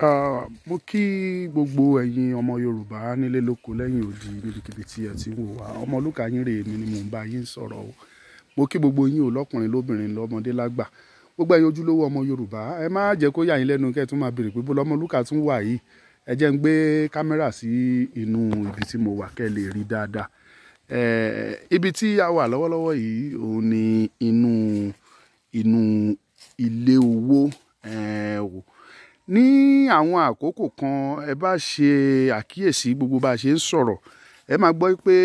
mo kí gbogbo ẹ̀yin ọmọ yorùbá nílé lóko lẹ́yìn odi níbikíbi tí ẹ ti ń wò wá ọmọlúkà yín rèé mi ni mò ń bá yín sọ̀rọ̀ o mo kí gbogbo yín o lọ́kùnrin lóbìnrin lọ́mọdé lágbà gbogbo ẹ̀yin ojúlówó ọmọ yorùbá ẹ má jẹ́ kó yà yín lẹ́nu kẹ́ ẹ tún máa béèrè pé bó lọ́mọlúkà tún wà yìí ẹ jẹ́ ń gbé kámẹ́rà sí inú ibi tí mo wà kẹ́ ẹ lè rí dáadáa ibi tí a wà lọ́wọ́lọ́wọ́ yìí òun ni inú inú ilé owó ní àwọn àkókò kan ẹ bá ṣe àkíyèsí gbogbo bá a ṣe ń sọ̀rọ̀ ẹ máa gbọ́ pé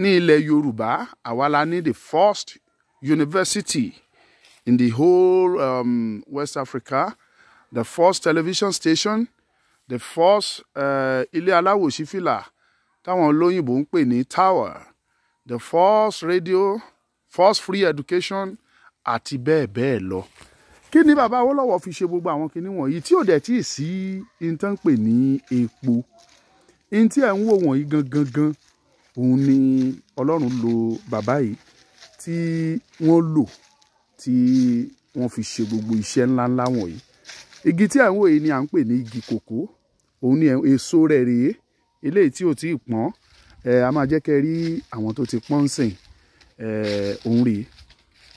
ní ilẹ̀ Yorùbá àwa la ní the first university in the whole um, West Africa the first television station the first uh, ilé aláwòsí fìlà táwọn olóyìnbó ń pè ní tower the first radio first free education àti bẹ́ẹ̀ bẹ́ẹ̀ lọ kí ni bàbá Awólọ́wọ̀ fi ṣe gbogbo àwọn kinní wọ̀nyí tí ò dẹ̀ tí ì sí in tán pè ní epo in tí ẹ̀ ń wò wọ̀nyí gangan gan òun ni Ọlọ́run lo bàbá yìí tí wọ́n lò tí wọ́n fi ṣe gbogbo iṣẹ́ ńláńlá wọ̀nyí igi tí ẹ̀ ń wò yìí ni à ń pè ní igi kòkó òun ni èso rẹ̀ rèé eléyìí tí ò tí ì pọ́n ẹ̀ a máa jẹ́ kẹ́ rí àwọn tó ti pọ́n sìn ẹ̀ òun rèé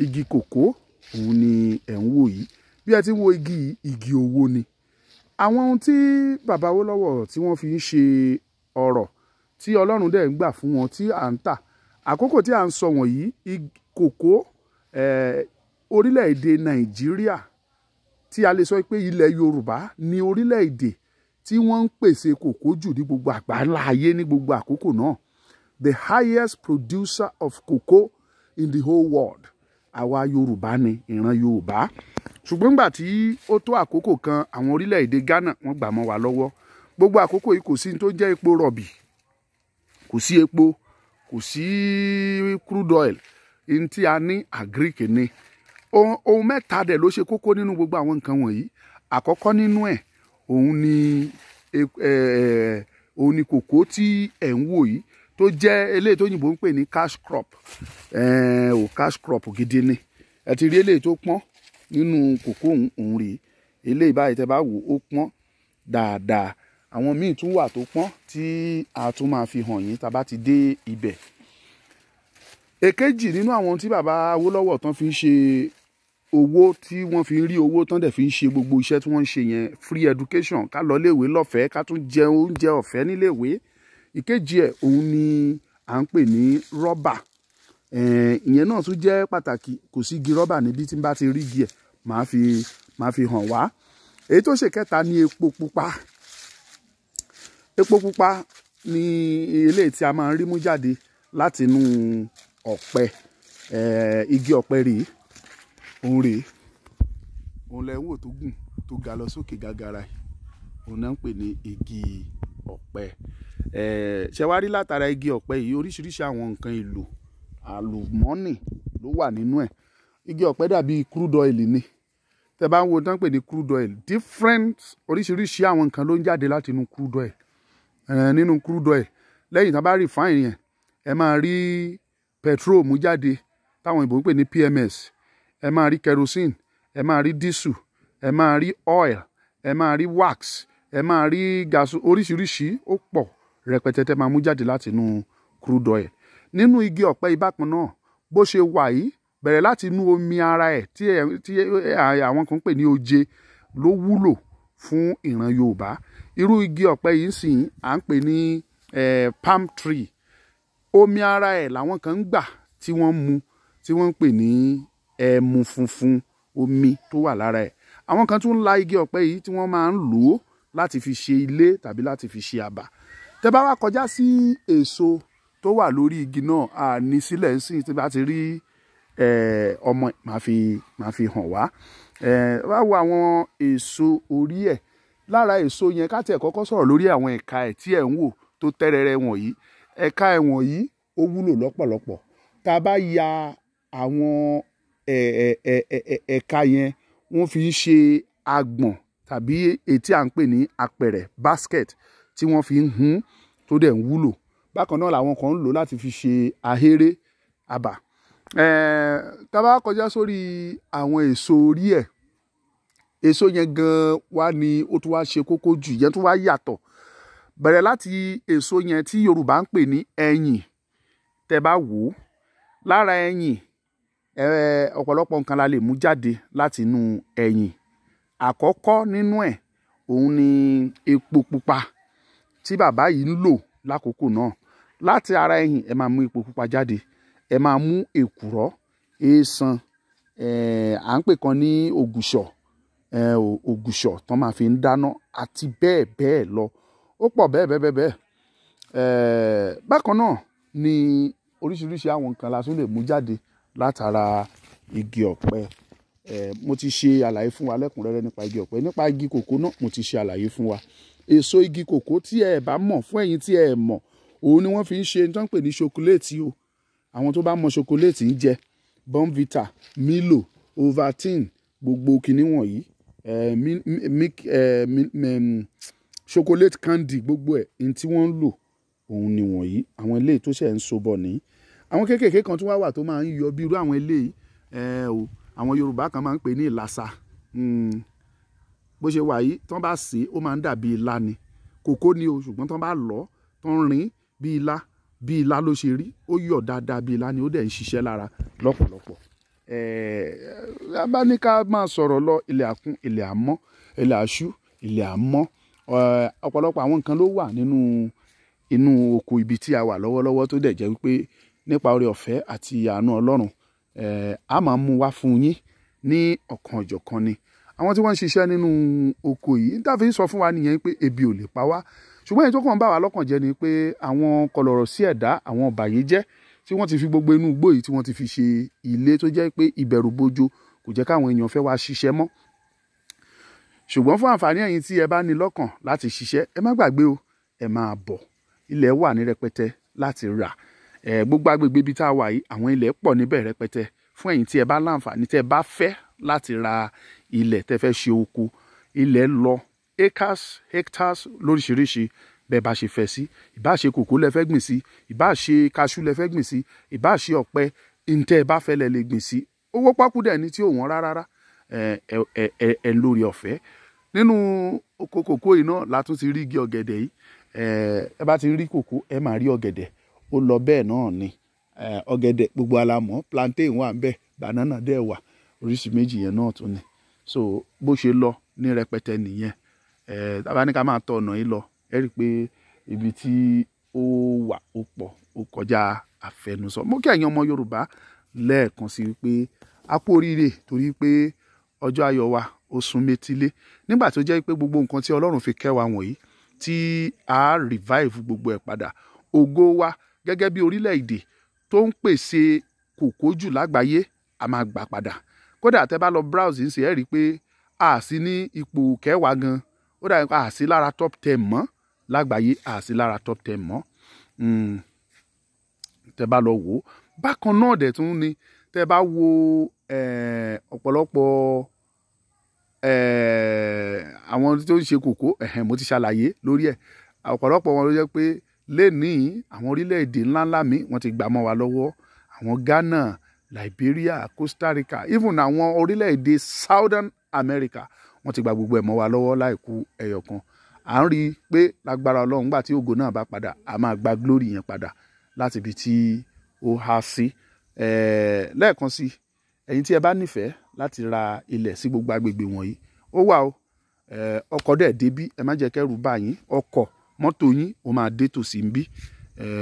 igi kòkó òun ni ẹ̀ ń wò yìí bí ẹ ti ń wo igi igi owó ni àwọn ohun tí bàbá Awólọ́wọ̀ tí wọ́n fi ń ṣe ọ̀rọ̀ tí Ọlọ́run dẹ̀ ń gbà fún wọn tí à ń tà àkókò tí à ń sọ wọ̀nyí kòkó orílẹ̀-èdè Nàìjíríà tí a lè sọ pé ilẹ̀ Yorùbá ni orílẹ̀-èdè tí wọ́n ń pèsè kòkó jù ní gbogbo àgbáńlá ayé ní gbogbo àkókò náà the highest producer of cocoa in the whole world àwa yorùbá ni ìran yorùbá ṣùgbọ́n nígbà tí ó tó àkókò kan àwọn orílẹ̀-èdè ghana wọ́n gbà mọ́ wa lọ́wọ́ gbogbo àkókò yìí kò sí tó jẹ́ epo rọ̀bì kò sí epo kò sí crude oil ní tí a ní agric ni ohun mẹ́ta dẹ̀ ló ṣe kókó nínú gbogbo àwọn nǹkan wọ̀nyí àkọ́kọ́ nínú ẹ̀ ni e, òun ni kòkó tí ẹ̀ ń wò yìí tó jẹ́ eléyìí tó yìnbó ń pè ní cash crop ò cash crop gidi ni ẹ ti rí eléyìí tó pọ́n nínú kòkó òun rèé eléyìí báyìí tẹ́ bá wò ó pọ́n dáadáa àwọn míì tún wà tó pọ́n tí a tún máa fi hàn yín tá a bá ti dé ibẹ̀ èkejì nínú àwọn tí bàbá Awólọ́wọ̀ tán fi ń ṣe owó tí wọ́n fi ń rí owó tán dẹ̀ fi ń ṣe gbogbo iṣẹ́ tí wọ́n ń ṣe yẹn free education ká lọ léèwé lọ́fẹ̀ẹ́ ká tún jẹ oúnjẹ ọ̀fẹ́ níléèwé ìkejì ẹ̀ òun ni à ń pè ní rọ́bà ìyẹn náà tún jẹ́ pàtàkì kò sí igi rọ́bà níbi tí n bá ti rí igi ẹ̀ màá fi màá fi hàn wá èyí tó ṣe kẹta ni epo pupa epo pupa ni eléyìí tí a máa ń rí mú jáde látinú ọ̀pẹ igi ọ̀pẹ rèé òun rèé òun lẹ wò tó gùn tó ga lọ sókè gàgàrà òun náà ń pè ní igi ọ̀pẹ Eh, ṣe wá rí látara igi ọ̀pẹ yìí oríṣiríṣi àwọn nǹkan èlò àlùmọ́nì ló wà nínú ẹ̀ igi ọ̀pẹ dàbí crude oil ni tẹ bá ń wo tán pè ní crude oil different oríṣiríṣi àwọn nǹkan ló ń jáde láti inú crude oil eh, nínú crude oil lẹ́yìn tán bá refine yẹn ẹ máa rí petrol mú jáde táwọn ìbò ń pè ní PMS ẹ máa rí kerosene ẹ máa rí diesel ẹ máa rí oil ẹ máa rí wax ẹ máa rí gas oríṣiríṣi ó pọ̀ rẹpẹtẹ tẹ́ máa mú jáde láti inú crude oil nínú igi ọ̀pẹ ìbákan náà bó ṣe wà yìí bẹ̀rẹ̀ láti inú omi ara ẹ̀ tí àwọn kan pè ní oje ló wúlò fún ìran Yorùbá irú igi ọ̀pẹ yìí sìn à ń pè ní palm tree omi ara ẹ̀ làwọn kan ń gbà tí wọ́n mu tí wọ́n ń pè ní ẹmu funfun omi tó wà lára ẹ̀ àwọn kan tún la igi ọ̀pẹ yìí tí wọ́n máa ń lò ó láti fi ṣe ilé tàbí láti fi ṣe àbà tẹ bá wá kọjá sí èso tó wà lórí igi náà a ní sílẹ̀ ń sìn tí bá ti rí ọmọ màá fi màá fi hàn wá wá wo àwọn èso orí ẹ̀ lára èso yẹn ká tiẹ̀ kọ́kọ́ sọ̀rọ̀ lórí àwọn ẹ̀ka ẹ̀ tí ẹ̀ ń wò tó tẹ́rẹ̀rẹ̀ wọ̀nyí ẹ̀ka ẹ̀ wọ̀nyí ó wúlò lọ́pọ̀lọpọ̀ tá a bá ya àwọn ẹ̀ka yẹn wọ́n fi ń ṣe agbọ̀n tàbí èyí tí à ń pè ní apẹ̀rẹ̀ basket tí wọ́n fi ń hun tó dẹ̀ ń wúlò bákan náà làwọn kan ń lò láti fi ṣe ahéré àbà eh, tá bá kọjá sórí àwọn èso orí ẹ̀ èso yẹn gan wá ni ó tún wá ṣe kókó jù yẹn tún wá yàtọ̀ bẹ̀rẹ̀ láti èso yẹn tí Yorùbá ń pè ní ẹ̀yìn tẹ́ bá wò ó lára ẹ̀yìn ọ̀pọ̀lọpọ̀ nǹkan la lè mú jáde láti inú ẹ̀yìn àkọ́kọ́ nínú ẹ̀ òun ni epo pupa tí bàbá yìí ń lò lákòókò náà láti ara ẹ̀yìn ẹ máa mú epo pupa jáde ẹ máa mú èkùrọ́ èèsàn eh, à ń pè kan ní ògùṣọ̀ eh, ògùṣọ̀ tán máa fi ń dáná àti bẹ́ẹ̀ bẹ́ẹ̀ lọ ó pọ̀ bẹ́ẹ̀ bẹ́ẹ̀ bẹ́ẹ̀ eh, bákan náà ni oríṣiríṣi àwọn nǹkan la tún lè mú jáde látara igi ọ̀pẹ mo ti ṣe àlàyé fún wa lẹ́kùnrẹ́rẹ́ nípa igi ọ̀pẹ nípa igi kòkó náà mo ti ṣe àlàyé fún wa èso igi kòkó tí ẹ bá mọ̀ fún ẹ̀yin tí ẹ mọ̀ òun ni wọ́n fi ń ṣe tó ń pè ní ṣokoléètì o àwọn tó bá mọ̀ ṣokoléètì ń jẹ bonvita milo ovaltine gbogbo kinní wọ̀nyí mm, chocolate candy gbogbo ẹ̀ ní tí wọ́n ń lò òun ni wọ̀nyí àwọn eléyìí tó ṣẹ̀ ń so bọ̀ nìyí àwọn kéékèèké kan tó wá wà tó máa ń yọ bí àwọn eléyìí àwọn Yorùbá kan máa ń pè ní ìlàsà hmm. bó ṣe wà yìí tán bá sè é ó máa ń dàbí ilá ni kòkó ni o ṣùgbọ́n tán bá lọ̀ ọ́ tán rin bí ilá bí ilá ló ṣe rí ó yọ̀ dáadáa bí ilá ni ó dẹ̀ ń ṣiṣẹ́ lára lọ́pọ̀lọpọ̀ ẹ̀ẹ́ abáníká máa sọ̀rọ̀ lọ ilẹ̀ àkún ilẹ̀ àmọ́ ilẹ̀ àṣú ilẹ̀ àmọ́ ọ̀pọ̀lọpọ̀ àwọn nǹkan ló wà nínú inú oko ibi tí a wà lọ́wọ́lọ́wọ́ tó dẹ̀ jẹ́ wípé nípa oore ọ̀fẹ́ àti àánú Ọlọ́run a máa mú wá fún yín ní ọ̀kan ọ̀jọ̀kan ni àwọn tí wọ́n ń ṣiṣẹ́ nínú oko yìí dáfi sọ fún wa nìyẹn pé ebi ò lè pa wá ṣùgbọ́n èyí tó kàn bá wa lọ́kàn jẹ́ ni pé àwọn kọlọ̀rọ̀ sí ẹ̀dá àwọn ọ̀bàyéjẹ́ tí wọ́n ti fi gbogbo inú igbó yìí tí wọ́n ti fi ṣe ilé tó jẹ́ pé ìbẹ̀rù bojo kò jẹ́ káwọn èèyàn fẹ́ wá ṣiṣẹ́ mọ́ ṣùgbọ́n fún àǹfààní ẹ̀yin tí ẹ bá ní lọ́kàn láti ṣiṣẹ́ ẹ má gbàgbé o ẹ máa bọ̀ ilẹ̀ wà ní rẹpẹtẹ láti rà Eh, gbogbo agbègbè ibi tá a wà yìí àwọn ilẹ̀ pọ̀ níbẹ̀ rẹpẹtẹ fún ẹ̀yin tí ẹ bá láǹfààní tẹ́ ẹ bá fẹ́ láti ra ilẹ̀ tẹ́ fẹ́ ṣe oko ilẹ̀ lọ acres hectares lóríṣiríṣi bẹ́ẹ̀ bá ṣe fẹ́ sí ìbá ṣe kòkó lẹ fẹ́ gbìn sí ìbá ṣe kaṣú lẹ fẹ́ gbìn sí ìbá ṣe ọ̀pẹ ntẹ́ ẹ bá fẹ́ lẹ lè gbìn sí owó pákú dẹ̀ ni tí ò wọ́n rárá eh, ẹ ń lórí ọ̀fẹ́ nínú kòkó yìí náà la tún ti rí igi ọ̀gẹ̀dẹ̀ yìí eh, ẹ bá ti rí kòkó ẹ máa rí ọ̀gẹ̀dẹ̀ ó lọ bẹ́ẹ̀ náà ni ọ̀gẹ̀dẹ̀ gbogbo alamọ̀ plantain wà ń banana dẹ̀ wà oríṣi méjì yẹn náà tún ni so bó ṣe lọ ní rẹpẹtẹ nìyẹn tábà ní ká máa tọ ọ̀nà yìí lọ ẹ rí i pé ibi tí ó wà ó pọ̀ ó kọjá àfẹnusọ mo kí ẹ̀yin ọmọ Yorùbá lẹ́ẹ̀kan sí pé a torí pé ọjọ́ ayọ̀ wa ó sún métílé nígbà tó jẹ́ pé gbogbo nǹkan tí Ọlọ́run fi kẹ́ wọ̀nyí tí a revive gbogbo ẹ̀ padà ògo wa gẹ́gẹ́ bí orílẹ̀-èdè tó ń pèsè kòkó jù lágbàáyé a máa gbà padà kódà tẹ́ bá lọ browse ń ṣe ẹ́ rí i pé a sì ní ipò kẹwàá gan ó dà a sì lára top ten mọ́ lágbàáyé a sì lára top ten mọ́ hmm. tẹ́ bá lọ wò ó bákan náà dẹ̀ tún ni tẹ́ bá wo ọ̀pọ̀lọpọ̀ àwọn tó ń ṣe kòkó mo ti ṣàlàyé lórí ẹ̀ ọ̀pọ̀lọpọ̀ wọn ló jẹ́ pé lénìí àwọn orílẹ̀-èdè ńláńlá mi wọ́n ti gbà mọ́ wa lọ́wọ́ àwọn Ghana Liberia Costa Rica even àwọn orílẹ̀-èdè Southern America wọ́n ti gba gbogbo ẹ̀ mọ́ wa lọ́wọ́ láìkú ẹyọ kan à ń rí i pé lágbára Ọlọ́run gbà tí ògo náà bá padà a máa gba glory yẹn padà láti ibi tí ó há sí lẹ́ẹ̀kan sí ẹ̀yin tí ẹ bá nífẹ̀ẹ́ láti ra ilẹ̀ sí gbogbo agbègbè wọ̀nyí ó wà o ọkọ̀ dẹ̀ débí ẹ má jẹ́ kẹ́rù bà ọkọ̀ mọ́tò yín ó máa dé tòsí ń bí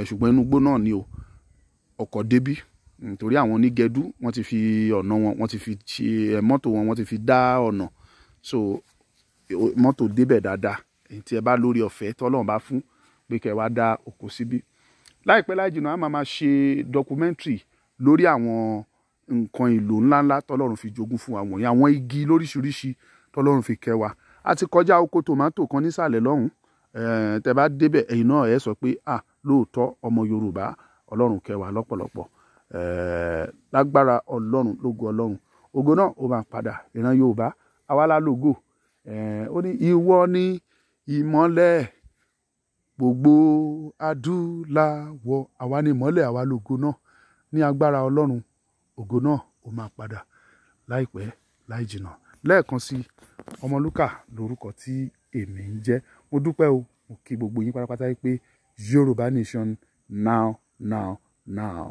ṣùgbọ́n inú igbó náà ni o ọkọ̀ débí nítorí àwọn onígẹdú wọ́n ti fi ọ̀nà wọn wọ́n ti fi ṣe mọ́tò wọn wọ́n ti fi dá ọ̀nà so mọ́tò débẹ̀ dáadáa èyí tí ẹ bá lórí ọ̀fẹ́ tọ́lọ́run bá fún pé kẹ́ wá dá oko síbí láìpẹ́ láì jìnnà a máa máa ṣe documentary lórí àwọn nǹkan ìlò ńláńlá tọ́lọ́run fi jogún fún wa wọ̀nyí àwọn igi lóríṣiríṣi tọ́lọ́run fi kẹ́ wa a ti kọjá oko tòmátò kan nísàlẹ̀ lọ́hùn-ún tẹ bá débẹ̀ ẹ̀yin náà ẹ sọ pé à lóòótọ́ ọmọ Yorùbá Ọlọ́run kẹwàá lọ́pọ̀lọpọ̀ lágbára Ọlọ́run lógo Ọlọ́run ògo náà ó máa padà ìran Yorùbá awálá lógo ó ní ìwọ ni ìmọ́lẹ̀ gbogbo adúláwọ̀ àwa ni ìmọ́lẹ̀ àwa lógo náà ní agbára Ọlọ́run ògo náà ó máa padà láìpẹ́ láì jìnnà lẹ́ẹ̀kan sí Ọmọlúkà lórúkọ tí èmi ń jẹ́ mo dúpẹ́ o mo kí gbogbo yín pátápátá pé Yorùbá nation now now now.